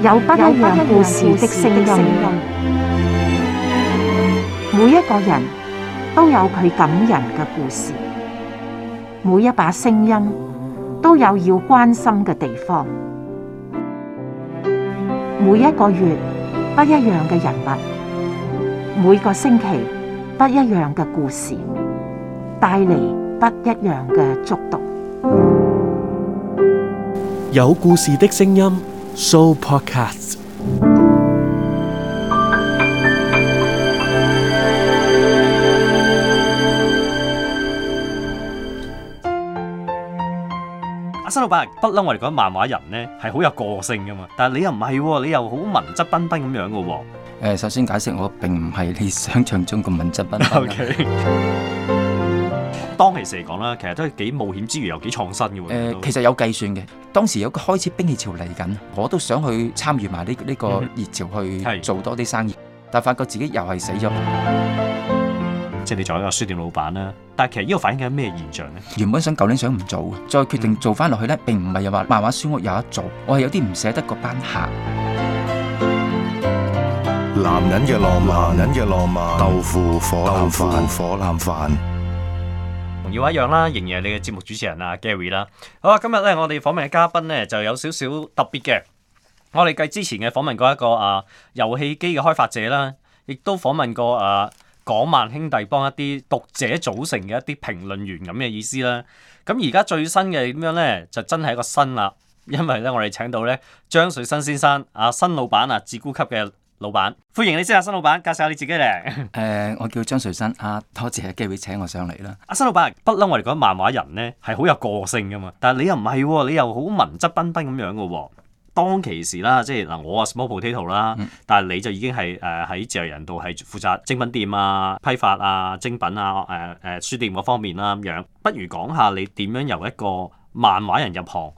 有不一樣故事的聲音，每一個人都有佢感人嘅故事，每一把聲音都有要關心嘅地方，每一個月不一樣嘅人物，每個星期不一樣嘅故事，帶嚟不一樣嘅觸動。有故事的聲音。Show podcast。阿新老闆，不嬲我哋講漫畫人咧，係好有個性噶嘛。但係你又唔係喎，你又好文質彬彬咁樣噶喎。誒，首先解釋，我並唔係你想象中咁文質彬彬。Okay. 當其時嚟講啦，其實都係幾冒險之餘又幾創新嘅喎。誒、呃，其實有計算嘅，當時有個開始冰熱潮嚟緊，我都想去參與埋呢呢個熱潮去做多啲生意，嗯、但係發覺自己又係死咗。即係你作為一個書店老闆啦，但係其實呢個反映緊咩現象呢？原本想舊年想唔做，再決定做翻落去呢，並唔係又話漫畫書屋有得做，我係有啲唔捨得個班客。男人嘅浪漫，男人嘅浪漫，豆腐火腩飯，火腩飯。一樣啦，仍然係你嘅節目主持人啊 Gary 啦。好啊，今日咧我哋訪問嘅嘉賓咧就有少少特別嘅。我哋繼之前嘅訪問過一個啊遊戲機嘅開發者啦，亦都訪問過啊港漫兄弟幫一啲讀者組成嘅一啲評論員咁嘅意思啦。咁而家最新嘅點樣咧，就真係一個新啦，因為咧我哋請到咧張水新先生，阿、啊、新老闆啊，自顧級嘅。老闆，歡迎你識阿新老闆介紹下你自己咧。誒 呃，我叫張瑞新啊，多謝有、啊、機會請我上嚟啦。阿新老闆，不嬲我哋講漫畫人咧係好有個性噶嘛，但係你又唔係，你又好文質彬彬咁樣噶喎。當其時啦，即係嗱，我啊 small potato 啦、嗯，但係你就已經係誒喺自由人度係負責精品店啊、批發啊、精品啊、誒、呃、誒、呃、書店嗰方面啦、啊、咁樣。不如講下你點樣由一個漫畫人入行？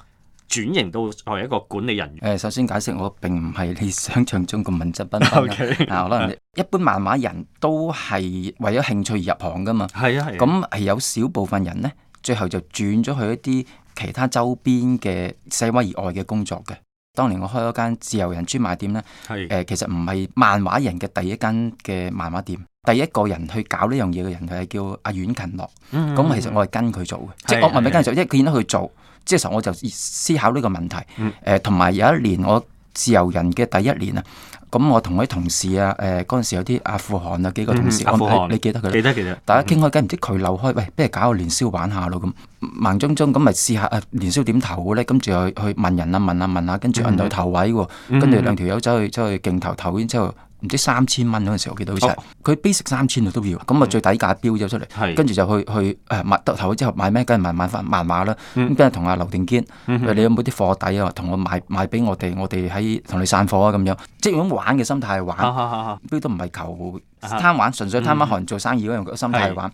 轉型到作為一個管理人員。誒，首先解釋我並唔係你想像中咁文質彬彬啦。啊， Okay. 可能一般漫畫人都係為咗興趣而入行㗎嘛。咁係、 啊啊啊、有少部分人呢，最後就轉咗去一啲其他周邊嘅寫畫以外嘅工作嘅。當年我開咗間自由人專賣店咧，誒是、呃，其實唔係漫畫人嘅第一間嘅漫畫店，第一個人去搞呢樣嘢嘅人佢係叫阿遠勤樂，咁、嗯嗯嗯、其實我係跟佢做嘅。的即係我唔係跟佢做，因為見到佢做，即係時候我就思考呢個問題，誒、嗯，同埋、呃、有，有一年我。自由人嘅第一年啊，咁我同位同事啊，誒嗰陣時有啲阿富汗啊幾個同事，嗯、阿富汗、啊、你記得佢？記得記得。大家傾開偈，唔、嗯、知佢留開，喂，不如搞個年宵玩下咯咁，盲中中咁咪試下誒年宵點投咧？跟住去去問人啊問下問下，跟住揞到頭位喎，跟住、嗯嗯、兩條友走去走去競投，然之後。唔知三千蚊嗰陣時，我記得好似係，佢 base 三千啊都要，咁啊最底價標咗出嚟，跟住就去去誒買得頭之後買咩？梗係買買翻漫畫啦，跟住同阿劉定堅，你有冇啲貨底啊？同我買買俾我哋，我哋喺同你散貨啊咁樣，即係用玩嘅心態去玩，都唔係求貪玩，純粹貪玩學人做生意嗰樣嘅心態去玩。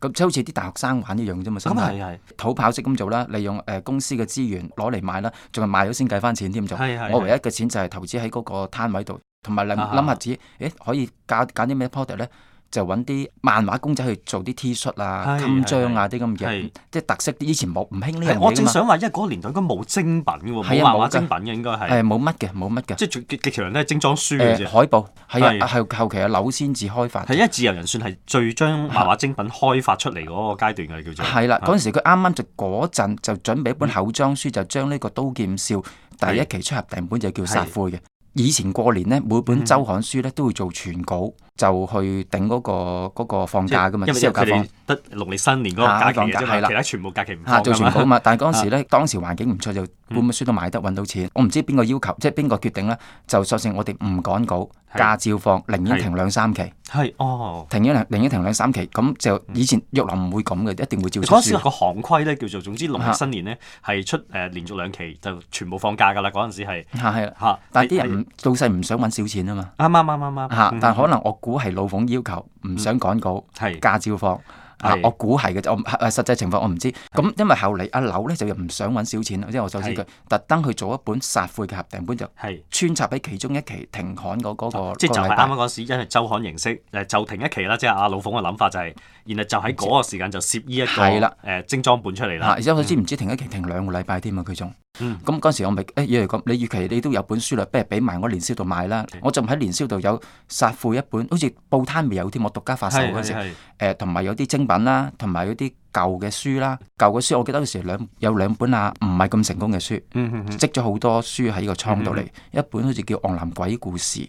咁即係好似啲大學生玩一樣啫嘛，咁啊土炮式咁做啦，利用誒公司嘅資源攞嚟買啦，仲係買咗先計翻錢添。我唯一嘅錢就係投資喺嗰個攤位度。同埋諗下，子誒可以揀揀啲咩 product 咧？就揾啲漫畫公仔去做啲 T 恤啊、襟章啊啲咁嘢，即係特色啲。以前冇，唔興呢樣嘢。我正想話，因為嗰個年代應該冇精品嘅喎，冇漫畫精品嘅應該係冇乜嘅，冇乜嘅。即係極極強都係精裝書、海報，係係後期有柳先至開發。係因為自由人算係最將漫畫精品開發出嚟嗰個階段嘅叫做。係啦，嗰陣時佢啱啱就嗰陣就準備一本厚裝書，就將呢個刀劍笑第一期出合訂本就叫殺灰嘅。以前過年咧，每本周刊書咧都會做全稿。就去頂嗰個嗰個放假噶嘛，先有假放，得農曆新年嗰個假期，之後其他全部假期唔放噶嘛。但係嗰陣時咧，當時環境唔錯，就本本書都賣得，揾到錢。我唔知邊個要求，即係邊個決定咧，就索性我哋唔趕稿，假照放，寧願停兩三期。係哦，停一停，寧願停兩三期，咁就以前玉林唔會咁嘅，一定會照出書。嗰陣時個行規咧叫做總之農曆新年咧係出誒連續兩期就全部放假㗎啦。嗰陣時係嚇係嚇，但係啲人到世唔想揾少錢啊嘛。啱啱啱啱啱嚇，但係可能我估。估係老馮要求唔想趕稿，係、嗯、加招貨啊是是！我估係嘅，就我誒實際情況我唔知。咁是因為後嚟阿柳咧就唔想揾少錢，即係我首先，佢特登去做一本殺悔嘅合訂本是就係穿插喺其中一期停刊嗰嗰、嗰個，即係就係啱啱嗰時、嗯、因為周刊形式誒就停一期啦，即係阿老馮嘅諗法就係、是，然後就喺嗰個時間就攝呢一個誒精裝本出嚟啦。而且、嗯嗯啊、我知唔知停一期停兩個禮拜添啊佢仲？嗯，咁嗰時我咪誒，以為咁。你預期你都有本書啦，不如俾埋我年宵度買啦。我仲喺年宵度有殺庫一本，好似報攤未有添。我獨家發售嗰時，誒，同埋有啲精品啦，同埋有啲舊嘅書啦。舊嘅書，我記得嗰時兩有兩本啊，唔係咁成功嘅書。嗯嗯嗯，積咗好多書喺個倉度嚟，一本好似叫《惡林鬼故事》，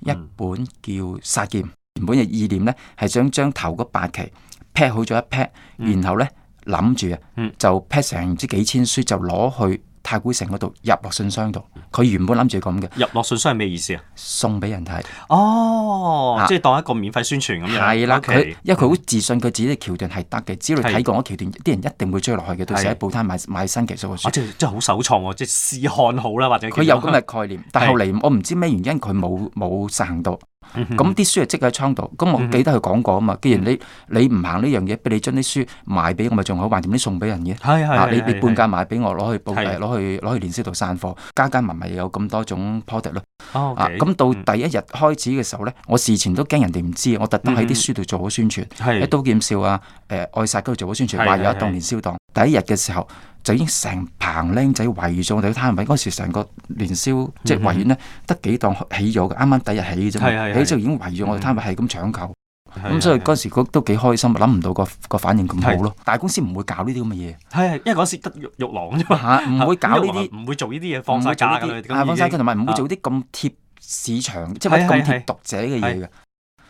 一本叫《殺劍》。原本嘅意念咧，係想將頭嗰八期 pack 好咗一 pack，然後咧諗住啊，就 pack 成唔知幾千書就攞去。太古城嗰度入落信箱度，佢原本諗住咁嘅。入落信箱係咩意思、哦、啊？送俾人睇。哦，即係當一個免費宣傳咁樣。係啦的，佢 Okay, 因為佢好自信，佢、嗯、自己嘅橋段係得嘅，只要你睇過我橋段，啲、嗯、人一定會追落去嘅。到時喺報攤買買新奇小說。哇，真真好首創喎，即係試看好啦，或者。佢有咁嘅概念，但係後嚟我唔知咩原因，佢冇冇實行到。咁啲書係積喺倉度，咁我記得佢講過啊嘛。既然你你唔行呢樣嘢，俾你將啲書賣俾我咪仲好，還掂你送俾人嘅。係係你你半價賣俾我，攞去報誒，攞去攞去連銷度散貨，加加埋埋有咁多種 product 咯。啊，咁到第一日開始嘅時候呢，我事前都驚人哋唔知，我特登喺啲書度做好宣傳，喺刀劍笑啊誒愛殺嗰度做好宣傳，話有一檔連銷檔。第一日嘅時候，就已經成棚僆仔圍住我哋個攤位，嗰時成個年宵即係維園咧，得幾檔起咗嘅，啱啱第一日起啫嘛，起之後已經圍住我哋攤位，係咁搶購。咁所以嗰時都都幾開心，諗唔到個個反應咁好咯。大公司唔會搞呢啲咁嘅嘢。係，因為嗰時得玉玉郎啫嘛，唔會搞呢啲，唔會做呢啲嘢，放曬假㗎。亞芳生佢同埋唔會做啲咁貼市場，即係咁貼讀者嘅嘢㗎。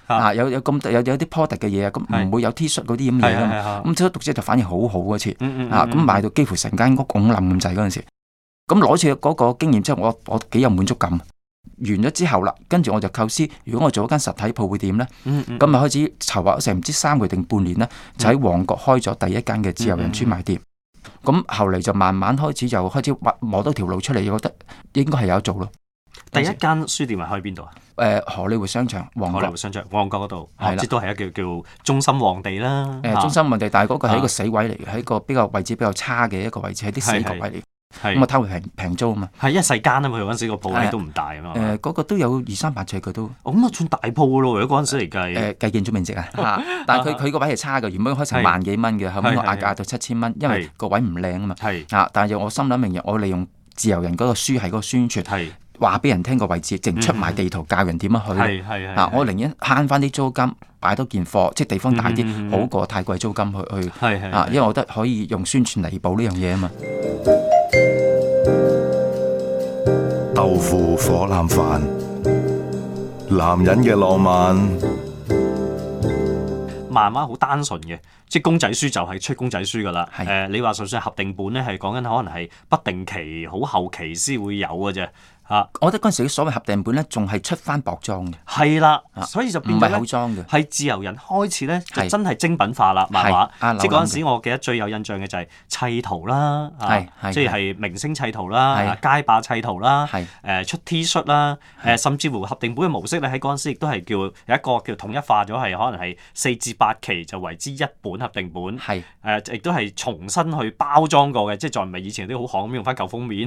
啊！有有咁有有啲 product 嘅嘢啊，咁唔會有 T 恤嗰啲咁嘢啊嘛。咁初讀者就反而好好嗰次，嗯嗯嗯嗯啊，咁賣到幾乎成間屋拱冧咁滯嗰陣時，咁攞住嗰個經驗之後，我我幾有滿足感。完咗之後啦，跟住我就構思，如果我做一間實體鋪會點咧？咁咪、嗯嗯嗯、開始籌劃成唔知三個定半年咧，就喺旺角開咗第一間嘅自由人專賣店。咁後嚟就慢慢開始就開始摸到條路出嚟，覺得應該係有得做咯。第一間書店係開喺邊度啊？誒，荷里活商場，旺角商場，旺角嗰度，係啦，都係一叫叫中心旺地啦。誒，中心旺地，但係嗰個係一個死位嚟嘅，喺個比較位置比較差嘅一個位置，喺啲死角位嚟。咁啊，貪佢平租啊嘛。係一世間啊嘛，嗰陣時個鋪都唔大啊嘛。誒，嗰個都有二三百尺，佢都。咁啊，算大鋪咯，如果嗰陣時嚟計。誒，計建築面積啊。但係佢佢個位係差嘅，原本開成萬幾蚊嘅，後尾我壓價就七千蚊，因為個位唔靚啊嘛。係。但係我心諗明日我利用自由人嗰個書喺嗰個宣傳。係。話俾人聽個位置，淨出埋地圖教人點樣去。啊，我寧願慳返啲租金，擺多件貨，即係地方大啲，好過太貴租金去去。啊，因為我覺得可以用宣傳嚟補呢樣嘢啊嘛。豆腐火腩飯，男人嘅浪漫。媽媽好單純嘅，即係公仔書就係出公仔書噶啦。誒，你話純粹合訂本咧，係講緊可能係不定期，好後期先會有嘅啫。啊！我覺得嗰陣時所謂合訂本咧，仲係出翻薄裝嘅。係啦，所以就變咗係厚裝嘅，係自由人開始咧就真係精品化啦，漫畫，即係嗰陣時我記得最有印象嘅就係砌圖啦，即係明星砌圖啦，街霸砌圖啦，誒出 t 恤啦，誒甚至乎合訂本嘅模式咧，喺嗰陣時亦都係叫有一個叫統一化咗，係可能係四至八期就為之一本合訂本，誒亦都係重新去包裝過嘅，即係再唔係以前啲好行咁用翻舊封面，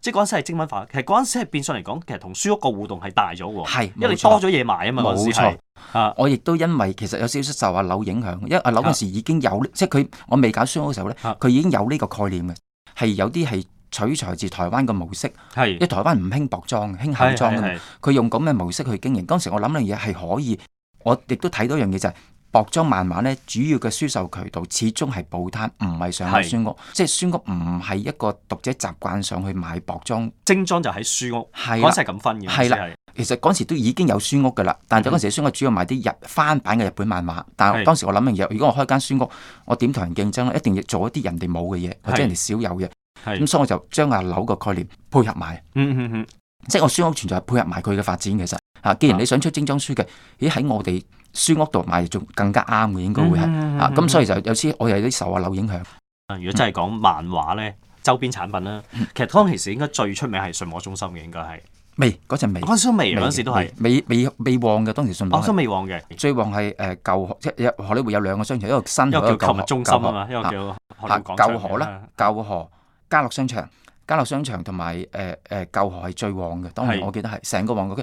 即係嗰陣時係精品化。其實嗰陣時係變相嚟講，其實同書屋個互動係大咗喎。係，因為你多咗嘢買啊嘛。冇錯錯，是我亦都因為其實有少少受阿柳影響，因為阿柳嗰時已經有的即係佢我未搞書屋嘅時候咧，佢的已經有呢個概念嘅，係有啲係取材自台灣嘅模式，係的，因為台灣唔興薄裝，興厚裝嘅，佢用咁嘅模式去經營。當時我諗呢樣嘢係可以，我亦都睇到一樣嘢就係、是。薄裝漫畫咧，主要嘅銷售渠道始終係報攤，唔係上去書是屋。即係書屋唔係一個讀者習慣上去買薄裝，精裝就喺書屋。係啊，嗰陣時係咁分嘅。係啦、啊，其實嗰陣時都已經有書屋噶啦，但係嗰陣時書屋主要賣啲日翻版嘅日本漫畫。但係當時我諗嘅嘢，如果我開間書屋，我點同人競爭咧？一定要做一啲人哋冇嘅嘢，或者人哋少有嘅。咁所以我就將阿樓個概念配合埋。嗯嗯嗯嗯、即係我書屋存在配合埋佢嘅發展。其實吓、啊，既然你想出精裝書嘅，咦喺我哋。書屋度賣仲更加啱嘅，應該會係啊！咁所以就有時我又有啲受下樓影響。如果真係講漫畫咧，周邊產品啦，其實當其時應該最出名係信和中心嘅，應該係未嗰陣未。我話未嗰陣時都係未未未旺嘅，當時信和。我話未旺嘅，最旺係誒舊河，河底會有兩個商場，一個新嘅，一個叫購物中心啊嘛，一個叫河舊河啦，舊河嘉樂商場、嘉樂商場同埋誒誒舊河係最旺嘅。當時我記得係成個旺角區。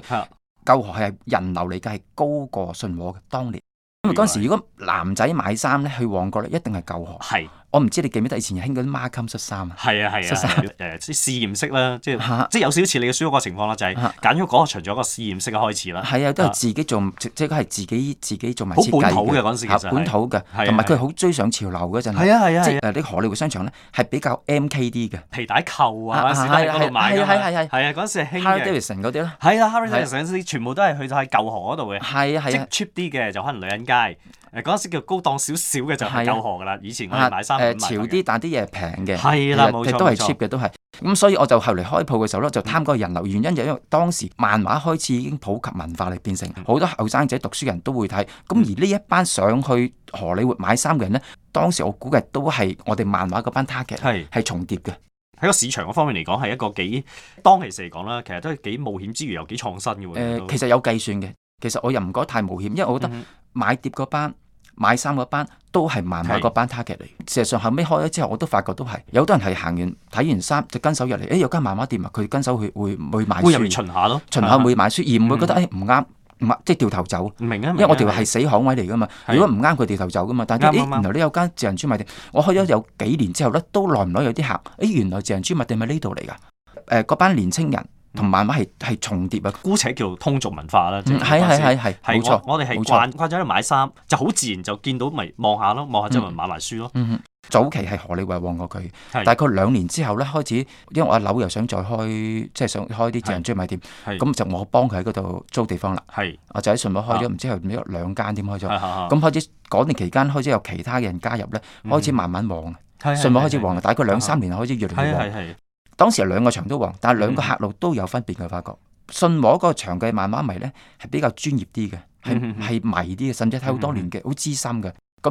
舊學係人流嚟嘅，係高過信和嘅當年。因為嗰陣時，如果男仔買衫咧，去旺角咧，一定係舊學。係。我唔知你記唔記得以前興嗰啲孖襟十三啊，係啊係啊，誒即試驗式啦，即即有少少似你嘅舒克嘅情況啦，就係揀喐嗰個除咗個試驗式嘅開始啦，係啊，都係自己做，即係佢係自己自己做埋設計嘅，本土嘅嗰陣時，本土嘅，同埋佢好追上潮流嗰陣，係啊係啊，即係啲荷里活商場咧係比較 MK 啲嘅皮帶扣啊，喺時帶嗰度買係啊，嗰陣時係興 Harley Davidson 嗰啲咧，係啊 Harley Davidson 嗰啲全部都係去到喺舊河嗰度嘅，係啊係啊，cheap 啲嘅就可能女人街。誒嗰陣時叫高檔少少嘅就係舊河嘅啦，以前我哋買衫誒潮啲，但啲嘢平嘅，係啦冇錯，都係 cheap 嘅都係。咁所以我就後嚟開鋪嘅時候咧，就貪嗰個人流，原因就因為當時漫畫開始已經普及文化嚟，變成好多後生仔讀書人都會睇。咁而呢一班想去荷里活買衫嘅人咧，當時我估計都係我哋漫畫嗰班 target 係重疊嘅。喺個市場嗰方面嚟講，係一個幾當其時嚟講啦，其實都係幾冒險之餘又幾創新嘅喎。誒，其實有計算嘅，其實我又唔覺得太冒險，因為我覺得買碟嗰班。買衫嗰班都係漫畫嗰班 target 嚟，事是實上後尾開咗之後，我都發覺都係有好多人係行完睇完衫就跟手入嚟。誒、欸，有間漫畫店啊，佢跟手去會去買書，巡下咯，巡下會買書，嗯、而唔會覺得誒，唔啱，即係掉頭走。明、啊、因為我條係死巷位嚟噶嘛，是如果唔啱佢掉頭走噶嘛，但係咦，原來都有間自人專賣店。我開咗有幾年之後咧，嗯、都耐唔耐有啲客誒、欸，原來自人專賣店喺呢度嚟噶誒，嗰、呃、班年青人。同漫畫係係重疊啊，姑且叫通俗文化啦。嗯，係係係係，冇錯。我哋係慣慣咗喺度買衫，就好自然就見到咪望下咯，望下即係買埋書咯。早期係荷里活旺過佢，大概兩年之後咧，開始因為我阿柳又想再開，即係想開啲常專賣店，咁就我幫佢喺嗰度租地方啦。係。我就喺信和開咗，唔知後尾兩間點開咗。咁開始嗰段期間開始有其他嘅人加入咧，開始慢慢旺。係。信和開始旺啦，大概兩三年開始越嚟越旺。當時係兩個場都旺，但係兩個客路都有分別嘅。發覺信和嗰個場嘅慢慢迷呢，係比較專業啲嘅，係係迷啲嘅，甚至睇好多年嘅，好資深嘅。咁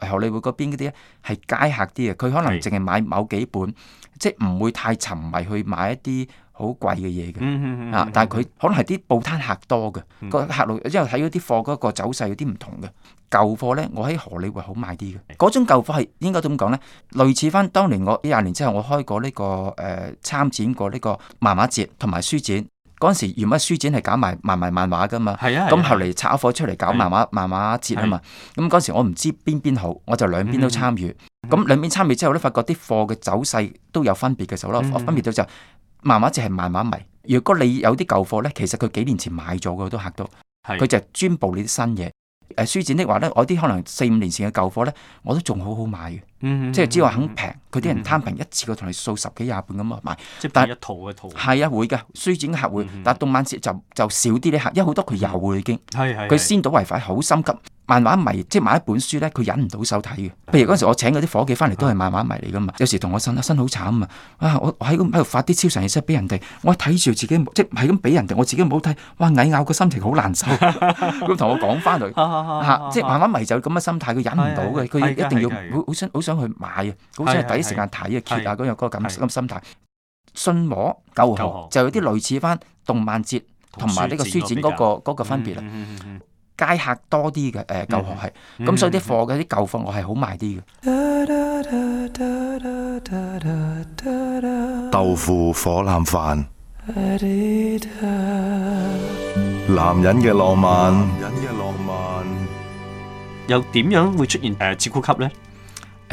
而荷里活嗰邊嗰啲咧係街客啲嘅，佢可能淨係買某幾本，是即係唔會太沉迷去買一啲好貴嘅嘢嘅。 啊，但係佢可能係啲報攤客多嘅個 客路，之後睇嗰啲貨嗰個走勢有啲唔同嘅。舊貨呢，我喺荷里活好賣啲嘅。嗰的種舊貨係應該點講呢？類似翻當年我呢廿年之後，我開過呢、這個誒參、呃、展過呢個漫畫節同埋書展。嗰陣時原本書展係搞埋賣埋漫畫噶嘛，咁後嚟拆啊貨出嚟搞漫畫的漫畫節啊嘛。咁嗰陣時我唔知邊邊好，我就兩邊都參與。咁兩邊參與之後呢，發覺啲貨嘅走勢都有分別嘅時候分別到就是、漫畫節係漫畫迷。如果你有啲舊貨呢，其實佢幾年前買咗嘅都吓到，佢的的就專報你啲新嘢。誒書展的話咧，我啲可能四五年前嘅舊貨咧，我都仲好好買嘅。即係只要肯平，佢啲人貪平，一次過同你掃十幾廿本咁嚟買。即係一套一套。係啊，會嘅，書展客會，但係動漫節就就少啲咧客，因為好多佢有啊已經。佢先睹為快，好心急。漫畫迷即係買一本書咧，佢忍唔到手睇嘅。譬如嗰陣時，我請嗰啲伙計翻嚟都係漫畫迷嚟㗎嘛，有時同我呻得呻好慘啊！啊，我喺度發啲超常意識俾人哋，我睇住自己即係咁俾人哋，我自己唔好睇，哇！蟻咬個心情好難受。咁同我講翻嚟，即係漫畫迷就咁嘅心態，佢忍唔到嘅，佢一定要好好咁去買啊！好似係第一時間睇啊、揭啊嗰個嗰個咁咁心態，信貨舊貨就有啲類似翻動漫節同埋呢個書展嗰個嗰個分別啦。街客多啲嘅誒舊貨係，咁所以啲貨嘅啲舊貨我係好賣啲嘅。豆腐火腩飯，男人嘅浪漫，男人嘅浪漫，又點樣會出現誒？折箍級咧？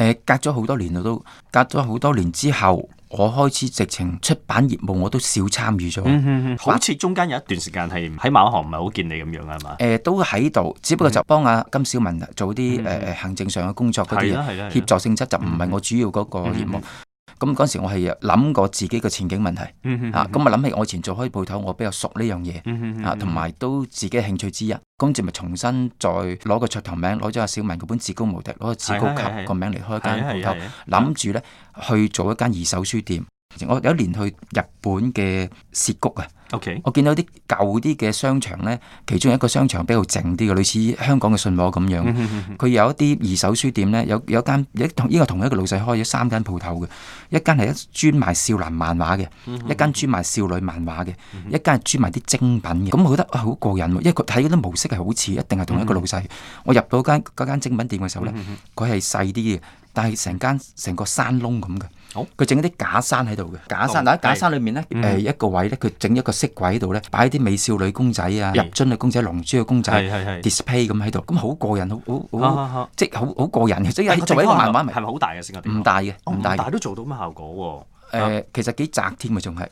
誒、呃，隔咗好多年我都隔咗好多年之後，我開始直情出版業務，我都少參與咗。好似中間有一段時間係喺某行唔係好見你咁樣啊，係嘛？誒、呃，都喺度，只不過就幫阿、啊、金小文做啲誒誒行政上嘅工作嗰啲嘢，協助性質就唔係我主要嗰個業務。嗯嗯嗯嗯嗯咁嗰時我係諗過自己嘅前景問題，嚇咁 啊諗起我以前做開鋪頭，我比較熟呢樣嘢，嚇同埋都自己興趣之一，咁就咪重新再攞個噱頭名，攞咗阿小文嗰本《至高無敵》，攞個至高級個名嚟開間鋪頭，諗住呢去做一間二手書店。我有一年去日本嘅涉谷啊，Okay. 我見到啲舊啲嘅商場呢，其中一個商場比較靜啲嘅，類似香港嘅信和咁樣。佢 有一啲二手書店呢，有有間，呢個同一個老細開咗三間鋪頭嘅，一間係一專賣少男漫畫嘅， 一間專賣少女漫畫嘅， 一間係專賣啲精品嘅。咁我覺得好過癮，因為佢睇嗰啲模式係好似一定係同一個老細。 我入到間嗰間精品店嘅時候呢，佢係細啲嘅，但係成間成個山窿咁嘅。好，佢整啲假山喺度嘅，假山但係假山裏面咧，誒一個位咧，佢整一個色櫃喺度咧，擺啲美少女公仔啊，入樽嘅公仔、龍珠嘅公仔，係係係 display 咁喺度，咁好過癮，好好好，即係好好過癮嘅。即係作為一個漫畫迷，係咪好大嘅先啊？唔大嘅，唔大，但係都做到咁嘅效果。誒，其實幾窄添啊，仲係，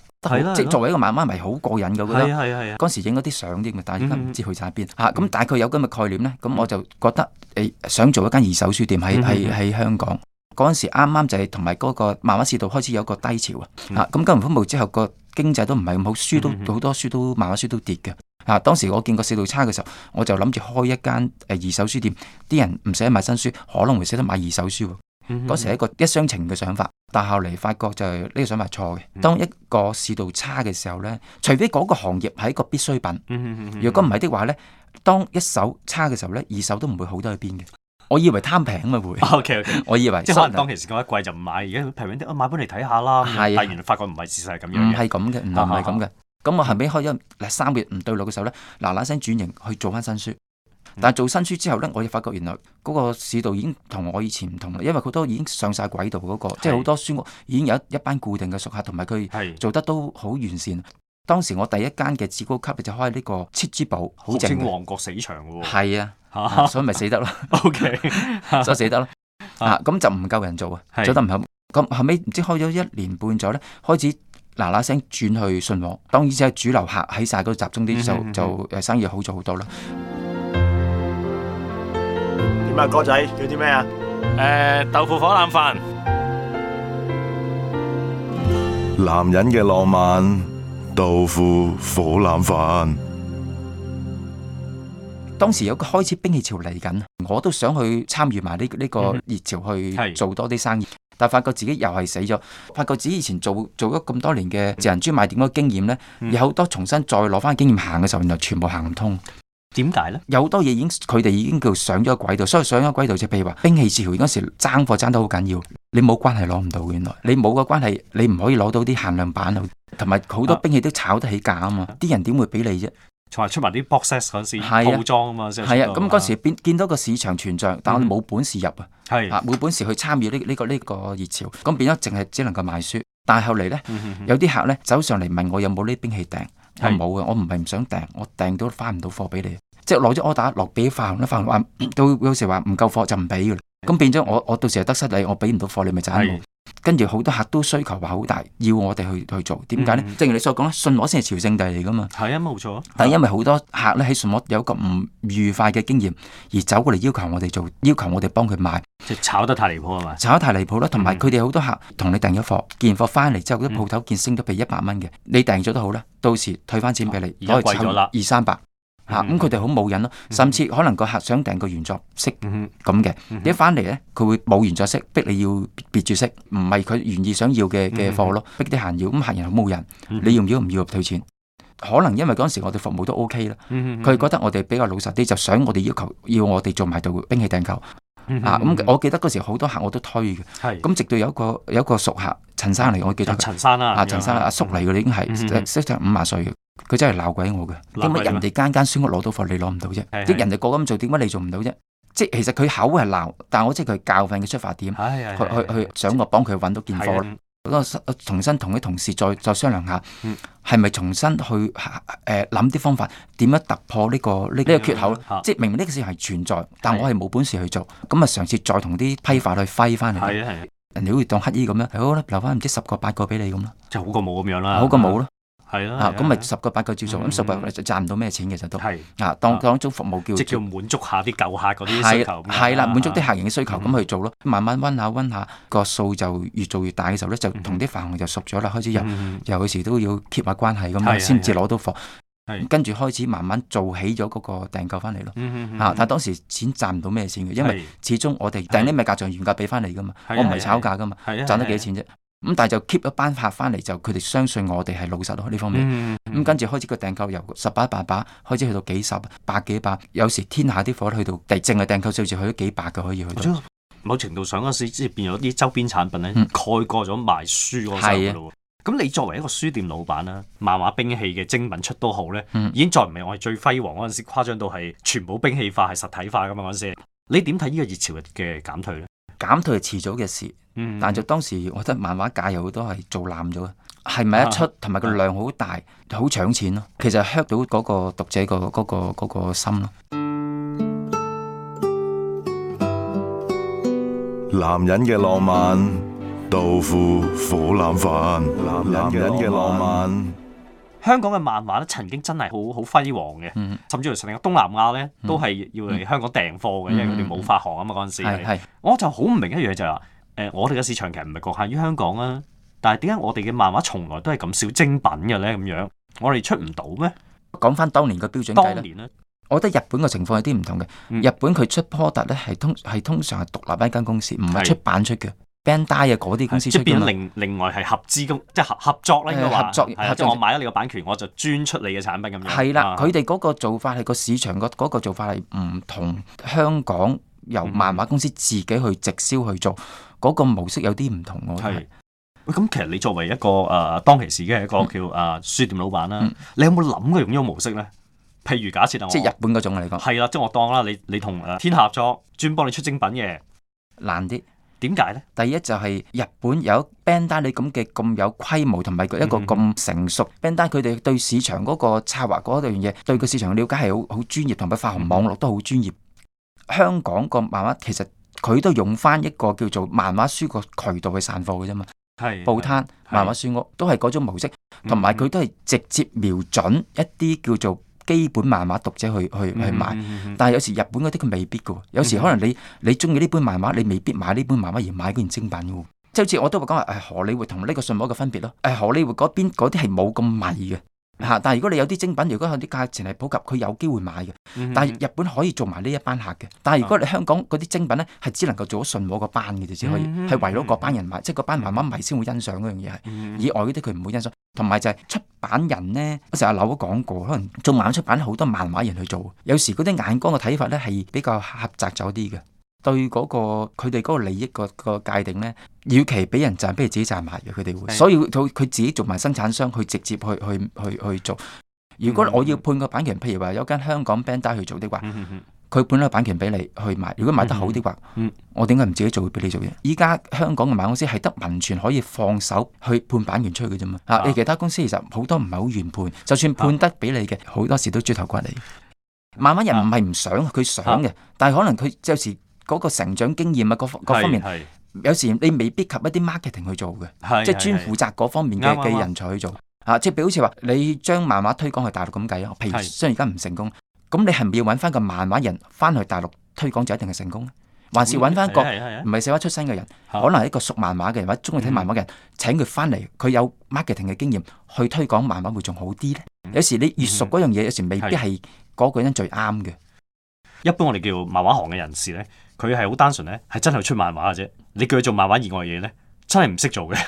即係作為一個漫畫迷好過癮嘅。我覺得係啊係啊。嗰時影嗰啲相添啊，但係而家唔知去晒邊吓。咁大概有咁嘅概念咧，咁我就覺得誒想做一間二手書店喺喺喺香港。嗰陣時啱啱就係同埋嗰個漫畫市道開始有一個低潮，嗯、啊！嚇咁金融風暴之後，個經濟都唔係咁好，書都好多書都漫畫書都跌嘅。嚇、啊、當時我見個市道差嘅時候，我就諗住開一間誒、呃、二手書店，啲人唔捨得買新書，可能會捨得買二手書。嗰、嗯嗯、時係一個一廂情嘅想法，但後嚟發覺就係呢個想法錯嘅。當一個市道差嘅時候呢，除非嗰個行業係一個必需品，嗯嗯嗯、如果唔係的話呢，當一手差嘅時候呢，二手都唔會好得去邊嘅。我以為貪平咪會，okay, okay. 我以為即係可能當其時覺得貴就唔買，而家平平啲我買本嚟睇下啦。係、啊，睇完發覺唔係事實係咁樣，唔係咁嘅，唔係咁嘅。咁、啊嗯、我後尾開咗三月唔對路嘅時候咧，嗱嗱聲轉型去做翻新書。但係做新書之後咧，我就發覺原來嗰個市道已經同我以前唔同啦，因為佢都已經上晒軌道嗰、那個，是即係好多書屋已經有一班固定嘅熟客，同埋佢做得都好完善。當時我第一間嘅至高級就開呢、這個七支寶，正好正，稱旺角死場喎。係啊。啊、所以咪死得咯，O K，所以死得咯，啊咁、啊、就唔夠人做啊，是做得唔好。咁後尾唔知開咗一年半咗咧，開始嗱嗱聲轉去信和，當然即係主流客喺晒嗰度集中啲 就就誒生意好咗好多啦。點啊，哥仔叫啲咩啊？誒、呃，豆腐火腩飯。男人嘅浪漫，豆腐火腩飯。人當時有個開始兵器潮嚟緊，我都想去參與埋呢呢個熱潮去做多啲生意，是但係發覺自己又係死咗。發覺自己以前做做咗咁多年嘅自然專賣店嘅經驗呢，嗯、有好多重新再攞翻經驗行嘅時候，原來全部行唔通。點解呢？有好多嘢已經佢哋已經叫上咗個軌道，所以上咗軌道，即係。譬如話兵器潮嗰時爭貨爭得好緊要，你冇關係攞唔到原來，你冇個關係你唔可以攞到啲限量版，同埋好多兵器都炒得起價啊嘛，啲人點會俾你啫？仲係出埋啲 box 嗰時套裝啊嘛，係啊，咁嗰時見見到個市場存在，但我冇本事入啊，係冇本事去參與呢呢個呢個熱潮，咁變咗淨係只能夠賣書。但係後嚟咧，有啲客咧走上嚟問我有冇呢兵器訂，係冇嘅。我唔係唔想訂，我訂都翻唔到貨俾你，即係攞咗 order 打落俾發行，發行話都有時話唔夠貨就唔俾嘅，咁變咗我我到時又得失禮，我俾唔到貨你咪就係冇。跟住好多客都需求話好大，要我哋去去做，點解呢？嗯、正如你所講，信我先係朝聖地嚟噶嘛。係啊，冇錯。但係因為好多客咧喺信我有個唔愉快嘅經驗，而走過嚟要求我哋做，要求我哋幫佢買。即係炒得太離譜係嘛？炒得太離譜啦，同埋佢哋好多客同你訂咗貨，件貨翻嚟之後，啲鋪頭件升咗俾一百蚊嘅，嗯、你訂咗都好啦，到時退翻錢俾你，攞去炒二三百。嚇！咁佢哋好冇癮咯，甚至可能個客想訂個原作式咁嘅，一翻嚟咧佢會冇原作式，逼你要別住式，唔係佢願意想要嘅嘅貨咯，逼啲客人要，咁客人好冇癮，你要唔要唔要就退錢。可能因為嗰陣時我哋服務都 OK 啦，佢覺得我哋比較老實啲，就想我哋要求要我哋做埋道兵器訂購。啊！咁我記得嗰時好多客我都推嘅，咁直到有個有個熟客陳生嚟，我記得陳生啦，陳生阿叔嚟嘅咧已經係識得五十歲。佢真係鬧鬼我嘅，點解人哋間間書屋攞到貨，你攞唔到啫？即係人哋個咁做，點解你做唔到啫？即係其實佢口係鬧，但係我即係佢教訓嘅出發點，去去去想我幫佢搵到件貨咯。咁我重新同啲同事再再商量下，係咪重新去誒諗啲方法，點樣突破呢個呢個缺口？即係明明呢件事係存在，但我係冇本事去做。咁啊，嘗試再同啲批發去揮翻嚟，係啊係啊，人哋好似當乞衣咁樣，好啦，留翻唔知十個八個俾你咁啦，就好過冇咁樣啦，好過冇咯。係啦，咁咪十個八個招數，咁十個八個就賺唔到咩錢嘅，就都。係。啊，當當種服務叫。即叫要滿足下啲舊客嗰啲需求。係啦，滿足啲客人嘅需求咁去做咯，慢慢溫下溫下個數就越做越大嘅時候咧，就同啲分行就熟咗啦，開始有有時都要 keep 下關係咁樣，先至攞到貨。跟住開始慢慢做起咗嗰個訂購翻嚟咯。但當時錢賺唔到咩錢嘅，因為始終我哋訂啲咪價就原價俾翻嚟噶嘛，我唔係炒價噶嘛，賺得幾多錢啫？咁但係就 keep 一班客翻嚟，就佢哋相信我哋係老實喎呢方面。咁、嗯、跟住開始個訂購由十把，八百、八把開始去到幾十、百幾百，有時天下啲貨去到第嘅係訂購好似去咗幾百嘅可以去到。某程度上嗰時即係變咗啲周邊產品咧，蓋、嗯、過咗賣書嗰個收入咁、啊、你作為一個書店老闆啦，漫畫兵器嘅精品出都好咧，已經再唔係我最輝煌嗰陣時，誇張到係全部兵器化係實體化噶嘛嗰陣時。你點睇呢個熱潮嘅減退咧？減退係遲早嘅事，嗯，但就當時，我覺得漫畫界有好多係做濫咗嘅，係咪一出同埋個量好大，好搶錢咯？其實 hurt 到嗰個讀者個嗰個嗰個心咯。男人嘅浪漫，豆腐火腩飯。男人嘅浪漫。香港嘅漫畫咧，曾經真係好好輝煌嘅，嗯、甚至乎成個東南亞咧都係要嚟香港訂貨嘅，嗯、因為佢哋冇發行啊嘛嗰陣時。係係，我就好唔明一樣嘢就係話，誒，我哋嘅市場其實唔係局限於香港啊，但係點解我哋嘅漫畫從來都係咁少精品嘅咧？咁樣我哋出唔到咩？講翻當年嘅標準當年咧，我覺得日本嘅情況有啲唔同嘅。嗯、日本佢出 Pod 呢係通係通，通常係獨立翻一間公司，唔係出版出嘅。Bandai 啊，嗰啲公司出邊另另外係合資公，即係合合作啦，應合作。合作我買咗你個版權，我就專出你嘅產品咁樣。係啦，佢哋嗰個做法係個市場個嗰個做法係唔同香港由漫畫公司自己去直銷去做嗰個模式有啲唔同咯。係喂，咁其實你作為一個誒當其時嘅一個叫誒書店老闆啦，你有冇諗過用呢個模式咧？譬如假設即係日本嗰種嚟講係啦，即係我當啦，你你同誒天下合作專幫你出精品嘅難啲。點解呢？第一就係日本有班底咁嘅，咁有規模，同埋一個咁成熟班底，佢哋對市場嗰個策劃嗰度樣嘢，對個市場嘅了解係好好專業，同埋發行網絡都好專業。香港個漫畫其實佢都用翻一個叫做漫畫書個渠道去散貨嘅啫嘛，係報攤漫畫書屋都係嗰種模式，同埋佢都係直接瞄準一啲叫做。基本漫畫讀者去去去買，mm hmm。但係有時日本嗰啲佢未必嘅，有時可能你你中意呢本漫畫，你未必買呢本漫畫而買件精品嘅，即係好似我都會講話，誒、哎、荷里活同呢個信託嘅分別咯，誒、哎、荷里活嗰邊嗰啲係冇咁迷嘅。嚇！但係如果你有啲精品，如果有啲價錢係普及，佢有機會買嘅。但係日本可以做埋呢一班客嘅。但係如果你香港嗰啲精品呢，係只能夠做咗信和個班嘅，就只可以係為咗個班人買，嗯、即係個班慢慢迷先會欣賞嗰樣嘢係。以外嗰啲佢唔會欣賞。同埋就係出版人呢，我成日都講過，可能做漫出版好多漫畫人去做，有時嗰啲眼光嘅睇法呢，係比較狹窄咗啲嘅。對嗰、那個佢哋嗰個利益個、那個界定咧，與其俾人賺，不如自己賺埋嘅，佢哋會，的所以佢佢自己做埋生產商去直接去去去去做。如果我要判個版權，譬如話有間香港 b a n d e、er、去做的話，佢、嗯、判咗版權俾你去賣。如果賣得好啲話，嗯、哼哼我點解唔自己做會俾你做啫？依家香港嘅買公司係得民權可以放手去判版權出去嘅啫嘛。吓、啊，你其他公司其實好多唔係好原判，就算判得俾你嘅，好、啊啊、多時都豬頭骨嚟。慢慢人唔係唔想，佢想嘅，啊啊、但係可能佢有時。嗰個成長經驗啊，各方各方面，有時你未必及一啲 marketing 去做嘅，即係專負責嗰方面嘅嘅人才去做啊。即係譬如好似話，你將漫畫推廣去大陸咁計啊，譬如雖然而家唔成功，咁你係咪要揾翻個漫畫人翻去大陸推廣就一定係成功呢？還是揾翻個唔係寫畫出身嘅人，可能係一個熟漫畫嘅人或者中意睇漫畫嘅人，請佢翻嚟，佢有 marketing 嘅經驗去推廣漫畫會仲好啲呢？有時你越熟嗰樣嘢，有時未必係嗰個人最啱嘅。一般我哋叫漫畫行嘅人士呢。佢係好單純咧，係真係出漫畫嘅啫。你叫佢做漫畫以外嘢咧，真係唔識做嘅。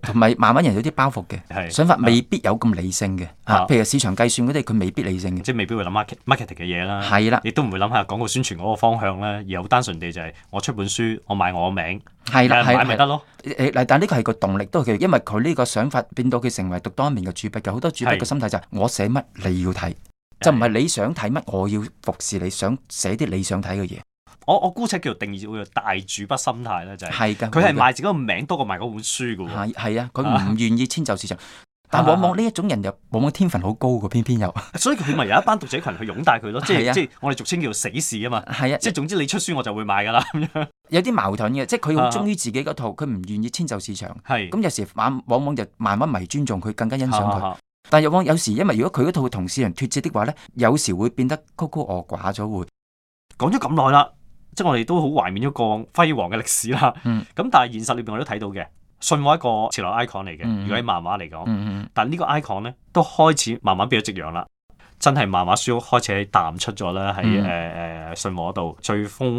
同埋漫畫人有啲包袱嘅，是想法未必有咁理性嘅。是啊，譬如市場計算嗰啲，佢未必理性嘅，即係未必會諗 marketing 嘅嘢啦。係啦的，亦都唔會諗下廣告宣傳嗰個方向咧。而好單純地就係我出本書，我賣我名。係啦的，賣咪得咯。但呢個係個動力都係佢，因為佢呢個想法變到佢成為獨當一面嘅主筆嘅。好多主筆嘅心態就係我寫乜你要睇，的就唔係你想睇乜我要服侍你想寫啲你想睇嘅嘢。我我姑且叫做定義叫做大主筆心態啦，就係。係噶，佢係賣自己個名多過賣嗰本書噶。係啊，佢唔願意遷就市場，但往往呢一種人又往往天分好高噶，偏偏又，所以佢咪有一班讀者群去擁戴佢咯。即係即係，我哋俗稱叫死士啊嘛。係啊，即係總之你出書我就會買噶啦。咁樣有啲矛盾嘅，即係佢好忠於自己嗰套，佢唔願意遷就市場。咁有時往往就慢慢迷尊重佢，更加欣賞佢。但係又往有時，因為如果佢嗰套同市場脫節的話咧，有時會變得曲曲和寡咗喎。講咗咁耐啦。即係我哋都好懷念一個過往輝煌嘅歷史啦。咁、嗯、但係現實裏邊我都睇到嘅，信和一個潮流 icon 嚟嘅，嗯、如果喺漫畫嚟講。嗯嗯、但呢個 icon 咧都開始慢慢變咗夕陽啦。真係漫畫書屋開始淡出咗啦。喺誒誒，信和嗰度最鋒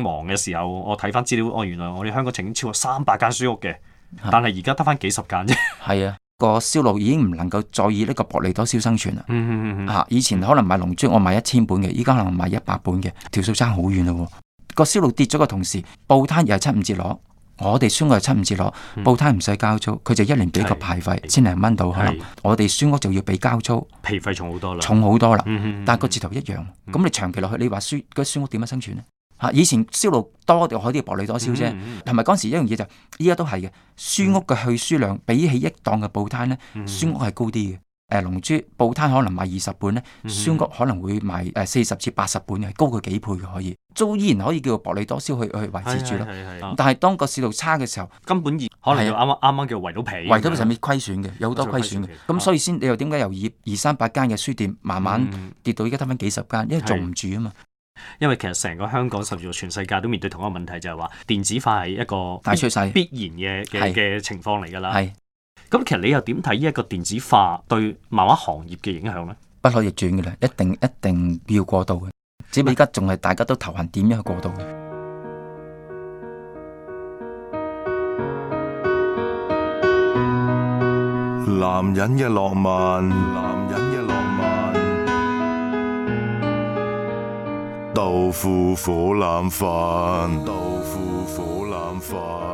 芒嘅時候，我睇翻資料，哦，原來我哋香港曾經超過三百間書屋嘅，啊、但係而家得翻幾十間啫。係啊，個銷路已經唔能夠再以呢個薄利多銷生存啦。以前可能賣龍珠我賣一千本嘅，依家可能賣一百本嘅，條數差好遠咯。個銷路跌咗嘅同時，報攤又係七五折攞，我哋書屋又係七五折攞，報攤唔使交租，佢就一年幾個牌費是千零蚊到可能，我哋書屋就要俾交租，皮費重好多啦，重好多啦，嗯嗯嗯嗯嗯，但係個折頭一樣，咁、嗯嗯嗯、你長期落去，你話書個書屋點樣生存呢？吓，以前銷路多，我可以薄利多銷啫，同埋嗰陣時一樣嘢就，依家都係嘅，書屋嘅去書量比起一檔嘅報攤咧，書屋係高啲嘅。誒，龍珠報攤可能賣二十本咧，書局可能會賣誒四十至八十本嘅，高佢幾倍嘅，可以，租依然可以叫薄利多銷去去維持住咯。但係當個市道差嘅時候，根本可能要啱啱啱啱叫圍到皮，圍到皮上面虧損嘅，有好多虧損嘅。咁所以先，你又點解由二三百間嘅書店慢慢跌到依家得翻幾十間，因為做唔住啊嘛。因為其實成個香港甚至全世界都面對同一個問題，就係話電子化係一個大趨勢，必然嘅嘅嘅情況嚟噶啦。係。咁其實你又點睇呢一個電子化對漫畫行業嘅影響呢？不可逆轉嘅啦，一定一定要過渡嘅，只不過而家仲係大家都頭痕點樣過渡嘅？男人嘅浪漫，男人嘅浪漫，豆腐火腩飯，豆腐火腩飯。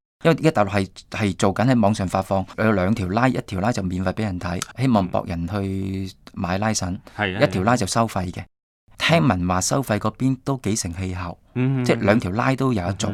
因為而家大陸係係做緊喺網上發放，有兩條拉，一條拉就免費俾人睇，希望博人去買拉神；一條拉就收費嘅。聽聞話收費嗰邊都幾成氣候，即係兩條拉都有得做。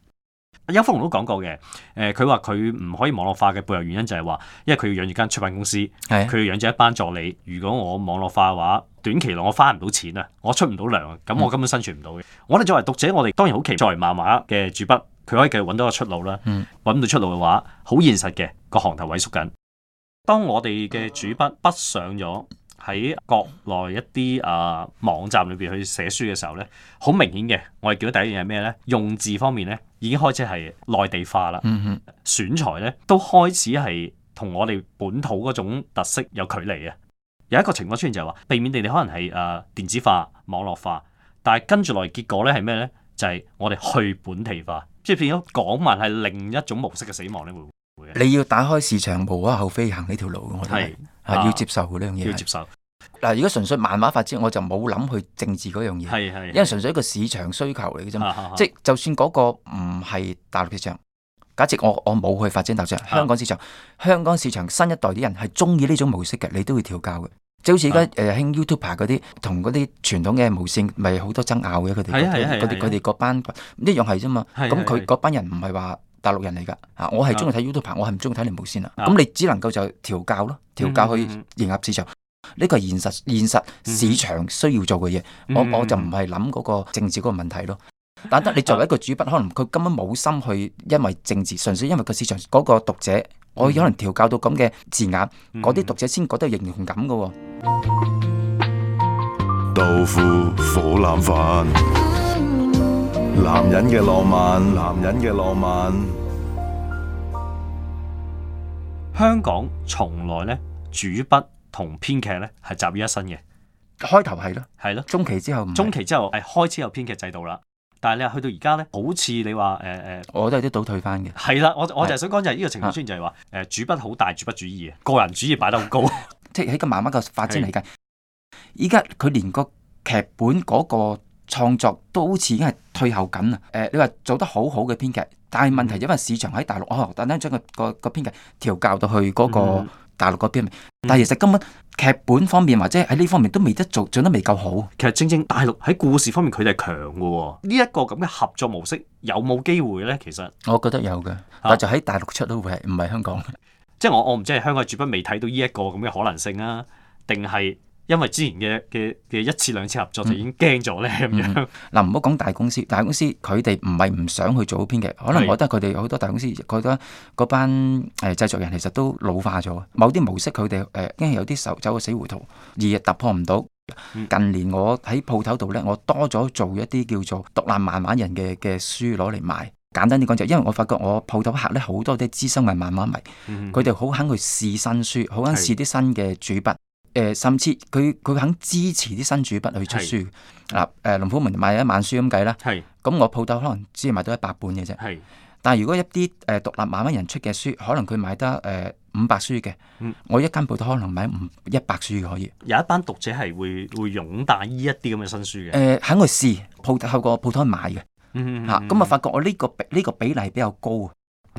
邱福龍都講過嘅，誒、呃，佢話佢唔可以網絡化嘅背後原因就係話，因為佢要養住間出版公司，佢的要養住一班助理。如果我網絡化嘅話，短期內我返唔到錢啊，我出唔到糧啊，咁我根本生存唔到嘅。嗯、我哋作為讀者，我哋當然好奇，作為漫畫嘅主筆，佢可以繼續揾到個出路啦。揾、嗯、到出路嘅話，好現實嘅，個行頭萎縮緊。當我哋嘅主筆北上咗。喺國內一啲啊網站裏邊去寫書嘅時候咧，好明顯嘅，我哋見到第一樣嘢係咩咧？用字方面咧，已經開始係內地化啦。嗯哼。選材咧，都開始係同我哋本土嗰種特色有距離嘅。有一個情況出現就係話，避免地地可能係誒電子化、網絡化，但係跟住落嚟結果咧係咩咧？就係我哋去本地化，即係變咗港文係另一種模式嘅死亡咧，會會你要打開市場，無可厚非行呢條路，我係。啊，要接受呢樣嘢，要接受。嗱，如果純粹漫畫發展，我就冇諗去政治嗰樣嘢，係係，因為純粹一個市場需求嚟嘅啫嘛。即係就算嗰個唔係大陸市場，假設我我冇去發展大陸市場，香港市場，香港市場新一代啲人係中意呢種模式嘅，你都會調教嘅。即係好似而家誒興 YouTuber 嗰啲，同嗰啲傳統嘅無線，咪好多爭拗嘅佢哋，佢哋佢哋嗰班一樣係啫嘛。咁佢嗰班人唔係話。大陸人嚟噶，uber，啊，我係中意睇 YouTube，我係唔中意睇你無線啊。咁你只能夠就調教咯，調教去迎合市場，呢個係現實現實市場需要做嘅嘢，嗯。我我就唔係諗嗰個政治嗰個問題咯。但得你作為一個主筆，可能佢根本冇心去因為政治，純粹因為個市場嗰，嗰個讀者，我可能調教到咁嘅字眼，嗰啲，嗯、讀者先覺得認同感噶。豆腐火腩飯。男人嘅浪漫，男人嘅浪漫。香港從來咧，主筆同編劇咧係集於一身嘅。開頭係咯，係咯的。中期之後，中期之後係開始有編劇制度啦。但係你話去到而家咧，好似你話誒誒，我都係啲倒退翻嘅。係啦，我我就想講就係呢個情況的，雖然就係話誒主筆好大，主筆主義啊，個人主義擺得好高。即係喺個慢慢嘅發展嚟計的，依家佢連個劇本嗰個。創作都好似已經係退後緊啊！誒、呃，你話做得好好嘅編劇，但係問題因為市場喺大陸，嗯、哦，等等將、嗰個個、嗰個編劇調教到去嗰個大陸嗰邊。嗯、但係其實根本劇本方面或者喺呢方面都未得做，做得未夠好。其實正正大陸喺故事方面佢哋係強嘅喎。呢、呢、一個咁嘅合作模式有冇機會呢？其實我覺得有嘅，好但就喺大陸出都唔係唔係香港。嗯、 即係我我唔知係香港，絕不未睇到呢一個咁嘅可能性啊，定係。因為之前嘅嘅嘅一次兩次合作就已經驚咗咧咁樣。嗱，唔好講大公司，大公司佢哋唔係唔想去做編劇，可能我覺得佢哋好多大公司，覺得嗰班誒製作人其實都老化咗，某啲模式佢哋誒因為有啲手走個死胡塗，而突破唔到。近年我喺鋪頭度咧，我多咗做一啲叫做獨立漫畫人嘅嘅書攞嚟賣。簡單啲講就係因為我發覺我鋪頭客咧好多啲係資深嘅漫畫迷，佢哋好肯去試新書，好肯試啲新嘅主筆。誒、呃、甚至佢佢肯支持啲新主筆去出書。嗱，誒農夫們買一萬書咁計啦，咁是我鋪頭可能只係買到一百本嘅啫，是但係如果一啲誒、呃、獨立萬蚊人出嘅書，可能佢買得誒五百書嘅，嗯、我一間鋪頭可能買五一百書嘅可以。有一班讀者係會會，會擁戴呢一啲咁嘅新書嘅，誒、呃、肯去試鋪透過鋪頭買嘅，嚇咁啊發覺我呢個比呢個比例比較高。嗯嗯嗯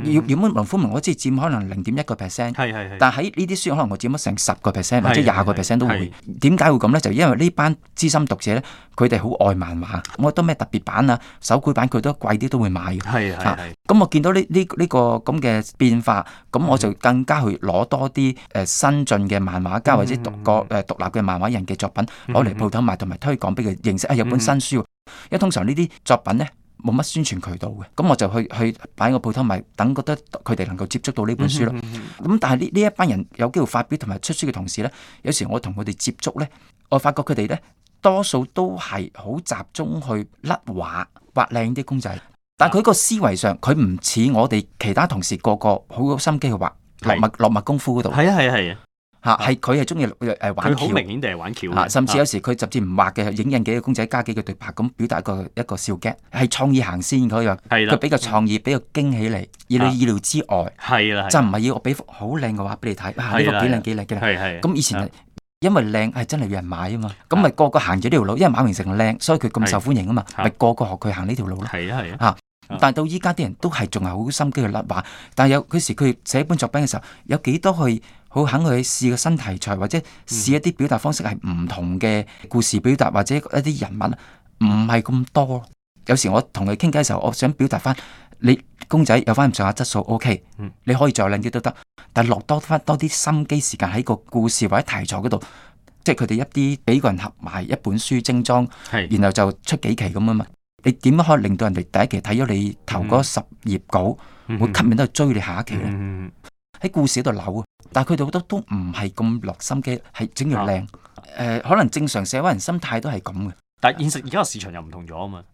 原本龍虎門我只佔可能零點一個 percent，係係係。但喺呢啲書可能我佔咗成十個 percent 或者廿個 percent 都會。點解會咁呢？就因為呢班資深讀者呢，佢哋好愛漫畫，我覺得咩特別版啊、手繪版，佢都貴啲都會買嘅。係係係。咁我見到呢呢呢個咁嘅變化，咁我就更加去攞多啲誒新進嘅漫畫家或者獨個誒獨立嘅漫畫人嘅作品攞嚟鋪頭賣，同埋推廣俾佢認識啊有本新書。因為通常呢啲作品呢。冇乜宣傳渠道嘅，咁我就去去擺個鋪頭賣，等覺得佢哋能夠接觸到呢本書咯。咁、 嗯、但係呢呢一班人有機會發表同埋出書嘅同事呢，有時我同佢哋接觸呢，我發覺佢哋呢，多數都係好集中去甩畫畫靚啲公仔，但佢個思維上佢唔似我哋其他同事個個好有心機去畫是落墨落墨功夫嗰度。係啊係啊係啊！嚇，係佢係中意誒玩橋。好明顯定係玩橋。甚至有時佢甚至唔畫嘅，影印幾個公仔加幾句對白，咁表達個一個笑 gap，係創意行先。佢話，佢俾個創意，俾個驚喜你，意料意料之外。就唔係要我俾幅好靚嘅畫俾你睇，呢幅幾靚幾靚嘅啦。咁以前因為靚係真係有人買啊嘛，咁咪個個行咗呢條路，因為馬榮成靚，所以佢咁受歡迎啊嘛，咪個個學佢行呢條路咯。係啊，但到依家啲人都係仲係好心機去甩畫，但係有嗰時佢寫本作品嘅時候，有幾多去？好肯去試個新題材，或者試一啲表達方式係唔同嘅故事表達，或者一啲人物唔係咁多。有時我同佢傾偈嘅時候，我想表達翻你公仔有翻唔上下質素，OK。OK, 嗯、你可以再靚啲都得，但落多翻多啲心機時間喺個故事或者題材嗰度，即係佢哋一啲幾個人合埋一本書精裝，是然後就出幾期咁啊嘛。你點樣可以令到人哋第一期睇咗你頭嗰十頁稿，會吸引到去追你下一期咧？喺、嗯嗯、故事嗰度扭。啊！但係佢哋覺得都唔係咁落心機，係整嘢靚。誒、啊呃，可能正常社會人心態都係咁嘅。但係現實而家個市場又唔同咗啊嘛，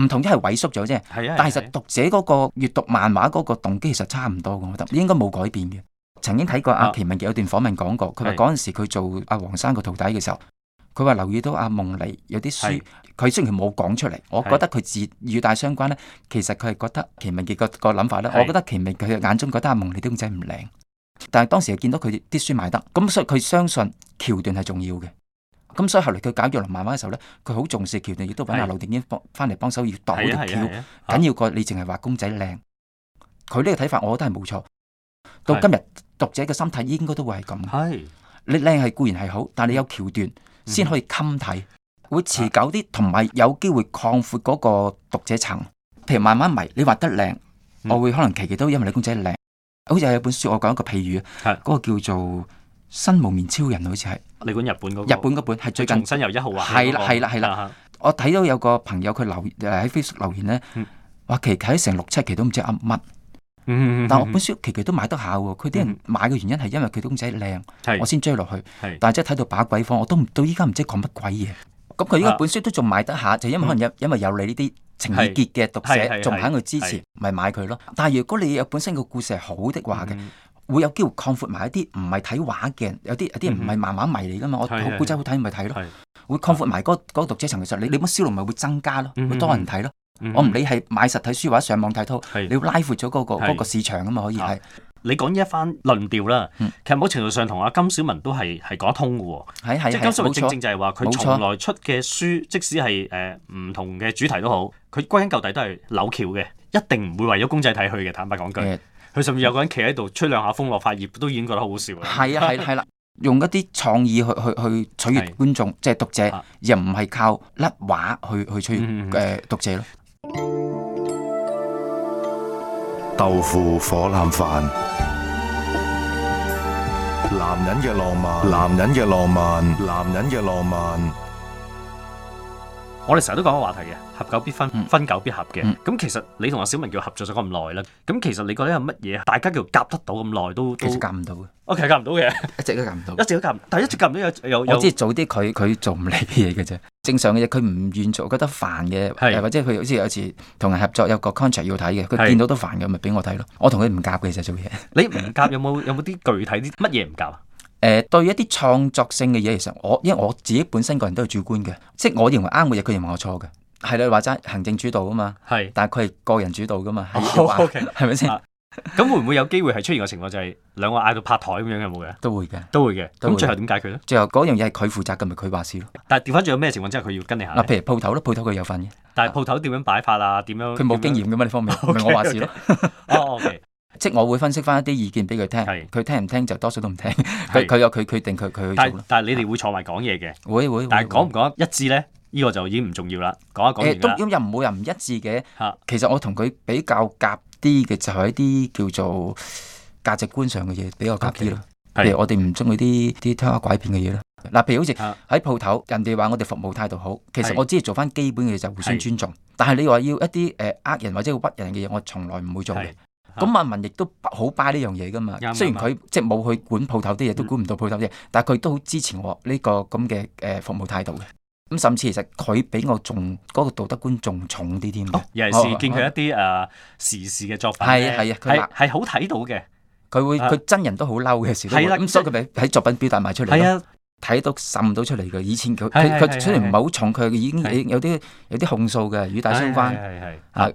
唔同一係萎縮咗啫。係啊的，但係其實讀者嗰、那個閱讀漫畫嗰個動機其實差唔多，我覺得應該冇改變嘅。曾經睇過阿、啊、奇文傑有段訪問講過，佢話嗰陣時佢做阿黃生個徒弟嘅時候，佢話留意到阿、啊、夢麗有啲書，佢的雖然冇講出嚟，我覺得佢字語帶相關咧，其實佢係覺得奇文傑個個諗法咧，的我覺得奇文佢眼中覺得阿、啊、夢麗啲公仔唔靚。但係當時又見到佢啲書賣得，咁所以佢相信橋段係重要嘅。咁所以後來佢搞《玉郎漫畫》嘅時候咧，佢好重視橋段，亦都揾阿劉定堅幫翻嚟幫手，要度好條橋。緊要過你淨係畫公仔靚，佢呢個睇法我覺得係冇錯。到今日的讀者嘅心態應該都會係咁。係的你靚係固然係好，但係你有橋段先可以襟睇，嗯、會持久啲，同埋有，有機會擴闊嗰個讀者層。譬如慢慢迷，你畫得靚，嗯、我會可能期期都因為你公仔靚。好似係有本書，我講一個譬喻啊，嗰是個叫做《新無面超人》好，好似係你講日本嗰、那個、日本嗰本，係最近新由一號畫、那個。係啦，係啦，係啦。Uh huh、我睇到有個朋友佢留誒喺 Facebook 留言咧，話期期喺成六七期都唔知噏乜。Um huh、但我本書期期都買得下喎，佢啲人買嘅原因係因為佢啲公仔靚，um huh、我先追落去。Um huh、但係真係睇到把鬼火，我都唔到依家唔知講乜鬼嘢。咁佢依家本書都仲買得下，就因為可能因因為有你呢啲，情意結嘅讀者仲喺度支持，咪買佢咯。但係如果你有本身個故事係好的話嘅，會有機會擴闊埋一啲唔係睇畫嘅，有啲有啲人唔係漫畫迷嚟噶嘛。我古仔好睇咪睇咯，會擴闊埋嗰嗰讀者層其實，你你本銷路咪會增加咯，會多人睇咯。我唔理係買實體書或者上網睇都，你要拉闊咗嗰個個市場啊嘛，可以係。你講呢一番論調啦，其實某程度上同阿金小文都係係講得通嘅喎，係係係即係金小文正正就係話佢從來出嘅書，即使係誒唔同嘅主題都好，佢歸根究底都係扭橋嘅，一定唔會為咗公仔睇去嘅。坦白講句，佢是甚至有個人企喺度吹兩下風落發葉，都已經覺得好好笑。係啊係啦、啊啊，用一啲創意去去，去取悅觀眾，啊、即係讀者，而唔係靠甩畫去去取悅誒、嗯呃、讀者咯。豆腐火腩飯。男人嘅浪漫，男人嘅浪漫，男人嘅浪漫。我哋成日都講個話題嘅，合久必分，嗯、分久必合嘅。咁、嗯、其實你同阿小明叫合作咗咁耐啦。咁其實你覺得有乜嘢？大家叫夾得到咁耐都，都其實夾唔到嘅。Okay 其實夾唔到嘅，一直都夾唔到， 一直都夾唔，但係一直都夾唔到有有有。有做啲佢佢做唔嚟嘅嘢嘅啫。正常嘅嘢佢唔願意做，我覺得煩嘅，是或者佢好似有一次同人合作有個 contract 要睇嘅，佢是見到都煩嘅，咪俾我睇咯。我同佢唔夾嘅其實做嘢。你唔夾有冇有冇啲 具體啲乜嘢唔夾啊？誒，對於一啲創作性嘅嘢，其實我因為我自己本身個人都係主觀嘅，即係我認為啱嘅嘢，佢認為我錯嘅，係啦，話齋行政主導啊嘛，係，但係佢係個人主導噶嘛，係咪先？咁會唔會有機會係出現個情況，就係兩個嗌到拍台咁樣有冇嘅？都會嘅，都會嘅。咁最後點解決咧？最後嗰樣嘢係佢負責，咁咪佢話事咯。但係調翻轉有咩情況，之後佢要跟你行嗱？譬如鋪頭咯，鋪頭佢有份嘅。但係鋪頭點樣擺法啊？點樣？佢冇經驗嘅咩？呢方面咪我話事咯。哦即係我會分析翻一啲意見俾佢聽，佢聽唔聽就多數都唔聽，佢佢有佢決定，佢佢去做咯。但係你哋會坐埋講嘢嘅，會會。但係講唔講一致呢？呢個就已經唔重要啦。講一講完啦。都又唔會又唔一致嘅。其實我同佢比較夾啲嘅就係一啲叫做價值觀上嘅嘢比較夾啲咯。譬如我哋唔中意啲啲偷呃拐騙嘅嘢啦。嗱，譬如好似喺鋪頭，人哋話我哋服務態度好，其實我只係做翻基本嘅嘢就互相尊重。但係你話要一啲誒呃人或者屈人嘅嘢，我從來唔會做嘅。咁文文亦都好 buy 呢樣嘢噶嘛，雖然佢即係冇去管鋪頭啲嘢，都管唔到鋪頭啲嘢，但係佢都好支持我呢個咁嘅誒服務態度嘅。咁甚至其實佢比我仲嗰個道德觀仲重啲添。哦，尤其是見佢一啲誒時事嘅作品，係啊係啊，係係好睇到嘅。佢會佢真人都好嬲嘅時候，咁所以佢咪喺作品表達埋出嚟咯。睇到滲到出嚟嘅，以前佢佢出嚟唔係好重，佢已經有啲有啲控訴嘅，與大相關，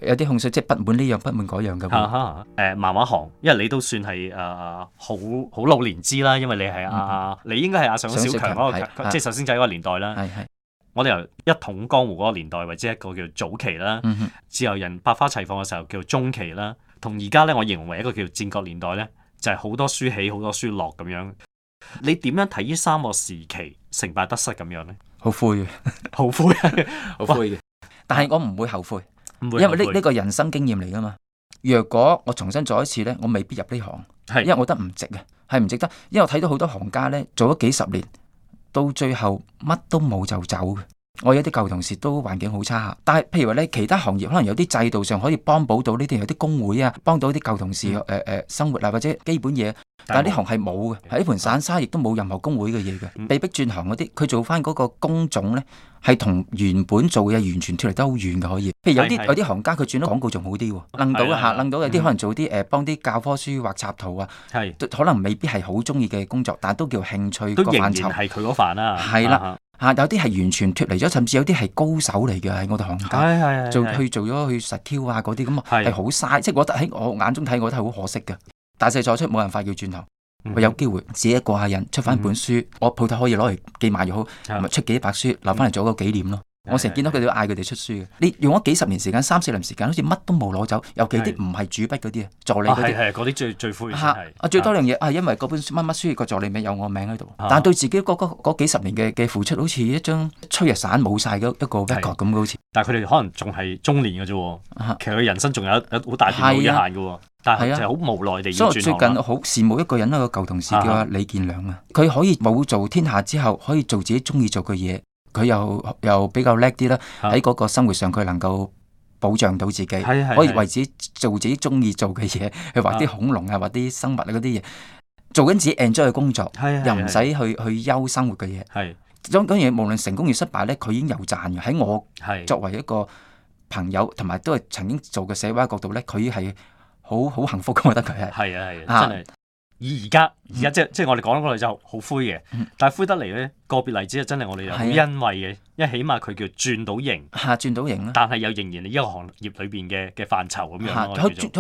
有啲控訴即係不滿呢樣，不滿嗰樣嘅。誒漫畫行，因為你都算係誒好好老年資啦，因為你係阿你應該係阿上小強嗰個，即係首先就係嗰個年代啦。我哋由一統江湖嗰個年代為之一個叫早期啦，自由人百花齊放嘅時候叫做中期啦，同而家咧，我認為一個叫戰國年代咧，就係好多書起好多書落咁樣。你點樣睇呢三個時期成敗得失咁樣呢？好灰嘅，好灰嘅，好 灰嘅的。 但係我唔會後悔，後悔因為呢呢、這個人生經驗嚟噶嘛。若果我重新做一次呢，我未必入呢行，係是，因為我覺得唔值啊，係唔值得。因為我睇到好多行家呢，做咗幾十年，到最後乜都冇就走我有啲舊同事都環境好差，但係譬如話咧，其他行業可能有啲制度上可以幫補到呢啲，有啲工會啊，幫到啲舊同事誒誒生活啊，或者基本嘢。但係呢行係冇嘅，喺盤散沙亦都冇任何工會嘅嘢嘅。被逼轉行嗰啲，佢做翻嗰個工種呢，係同原本做嘢完全脫離得好遠嘅。可以，譬如有啲有啲行家，佢轉咗廣告仲好啲，掹到吓，掹到有啲可能做啲誒，幫啲教科書畫插圖啊，可能未必係好中意嘅工作，但都叫興趣個範疇。都仍然係佢嗰份啦。係啦。啊！有啲係完全脱離咗，甚至有啲係高手嚟嘅，喺我哋行家、哎哎哎、做去做咗去實挑啊嗰啲咁啊，係好嘥。即係我覺得喺我眼中睇，我覺得好可惜嘅。大勢再出，冇辦法要轉頭。嗯、哼我有機會自己一過下癮，出翻本書，嗯、哼我鋪頭可以攞嚟寄賣又好，咪、嗯、哼出幾百書留翻嚟做個紀念咯。嗯。我成日見到佢哋都嗌佢哋出書嘅，你用咗幾十年時間，三四年時間，好似乜都冇攞走，有幾啲唔係主筆嗰啲啊，助理嗰啲係嗰啲最最灰啊最多樣嘢係因為嗰本乜乜書個助理名有我名喺度，但係對自己嗰嗰幾十年嘅嘅付出，好似一張吹日散，冇晒一個一角咁嘅好似，但係佢哋可能仲係中年嘅啫，其實佢人生仲有好大段冇嘢行嘅，但係就好無奈地。所以最近好羨慕一個人啊，個舊同事叫阿李建良啊，佢可以冇做天下之後，可以做自己中意做嘅嘢。佢又又比較叻啲啦，喺嗰、啊、個生活上佢能夠保障到自己，是是是可以為自己做自己中意做嘅嘢，去畫啲恐龍啊，畫啲、啊、生物啊嗰啲嘢，做緊自己 enjoy 嘅工作，是是是是又唔使去去憂生活嘅嘢。係，然，嗰樣無論成功與失敗咧，佢已經有賺嘅。喺我作為一個朋友同埋都係曾經做嘅社會角度呢，佢係好好幸福嘅，我覺得佢係。係啊係啊，真係。而而家而家即、嗯、即我哋講嗰例就好灰嘅，嗯、但係灰得嚟咧，個別例子真就真係我哋又好欣慰嘅，的因為起碼佢叫轉到型嚇轉到型啦、啊。但係又仍然係一個行業裏邊嘅嘅範疇，咁樣佢好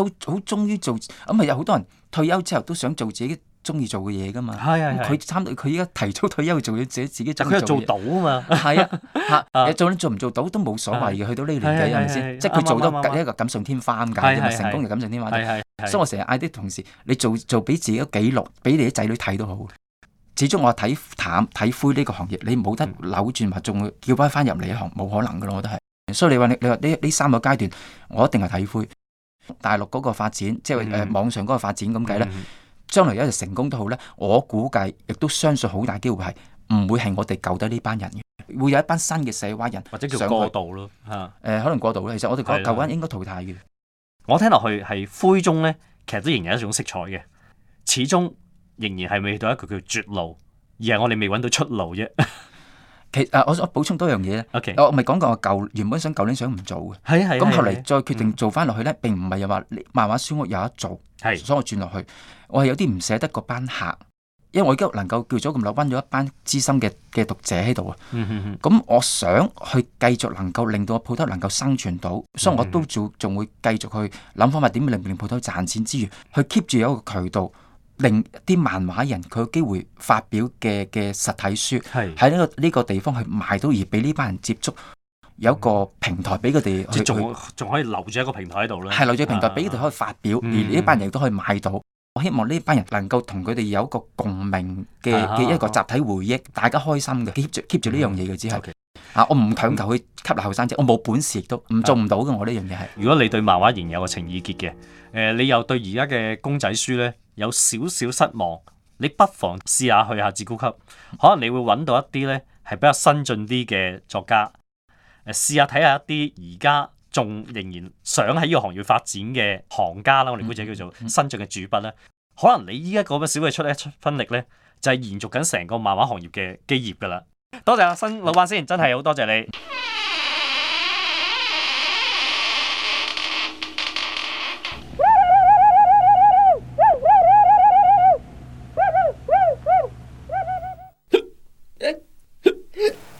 好好終於做咁，係有好多人退休之後都想做自己。中意做嘅嘢噶嘛？係啊，佢參佢依家提早退休，仲要自己自己走去做到啊嘛！係啊，做你做唔做到都冇所謂嘅，去到呢個年紀係咪先？即係佢做到一個錦上添花咁解，因為成功就錦上添花。所以，我成日嗌啲同事，你做做俾自己記錄，俾你啲仔女睇都好。始終我睇淡睇灰呢個行業，你冇得扭轉，或仲會叫翻翻入嚟行，冇可能噶咯。我都係。所以你話你你話呢呢三個階段，我一定係睇灰。大陸嗰個發展，即係誒網上嗰個發展咁計咧。將來有一日成功都好咧，我估計亦都相信好大機會係唔會係我哋救得呢班人嘅，會有一班新嘅社會人或者叫過渡咯，吓誒去、呃，可能過渡咧。其實我哋覺得舊嗰班應該淘汰嘅。我聽落去係灰中咧，其實都仍然有一種色彩嘅，始終仍然係未到一個叫絕路，而係我哋未搵到出路啫。 其實，我想補充多樣嘢咧。Okay. 我咪講過，我舊原本想舊年想唔做嘅。咁後嚟再決定做翻落去呢，嗯、並唔係又話漫畫書屋有得做，是所以我轉落去。我係有啲唔捨得個班客，因為我而家能夠叫咗咁耐温咗一班資深嘅嘅讀者喺度啊。咁、嗯、我想去繼續能夠令到個鋪頭能夠生存到，所以我都仲會繼續去諗方法點令到鋪頭賺錢之餘，去 keep 住有一個渠道。令啲漫畫人佢有機會發表嘅嘅實體書，喺呢個呢個地方去賣到，而俾呢班人接觸，有一個平台俾佢哋去，即係仲仲可以留住一個平台喺度咧。係留住平台俾佢哋可以發表，而呢班人亦都可以買到。我希望呢班人能夠同佢哋有一個共鳴嘅嘅一個集體回憶，大家開心嘅 keep 住 keep 住呢樣嘢嘅之後，啊，我唔強求去吸納後生仔，我冇本事亦都唔做唔到嘅。我呢樣嘢係。如果你對漫畫人有個情意結嘅，誒，你又對而家嘅公仔書咧？有少少失望，你不妨試下去下自高級，可能你會揾到一啲呢係比較新進啲嘅作家。誒，試下睇下一啲而家仲仍然想喺呢個行業發展嘅行家啦。我哋姑姐叫做新進嘅主筆咧，可能你依家咁少嘅出力出分力呢，就係延續緊成個漫畫行業嘅基業㗎喇。多謝阿新老闆先，真係好多謝你。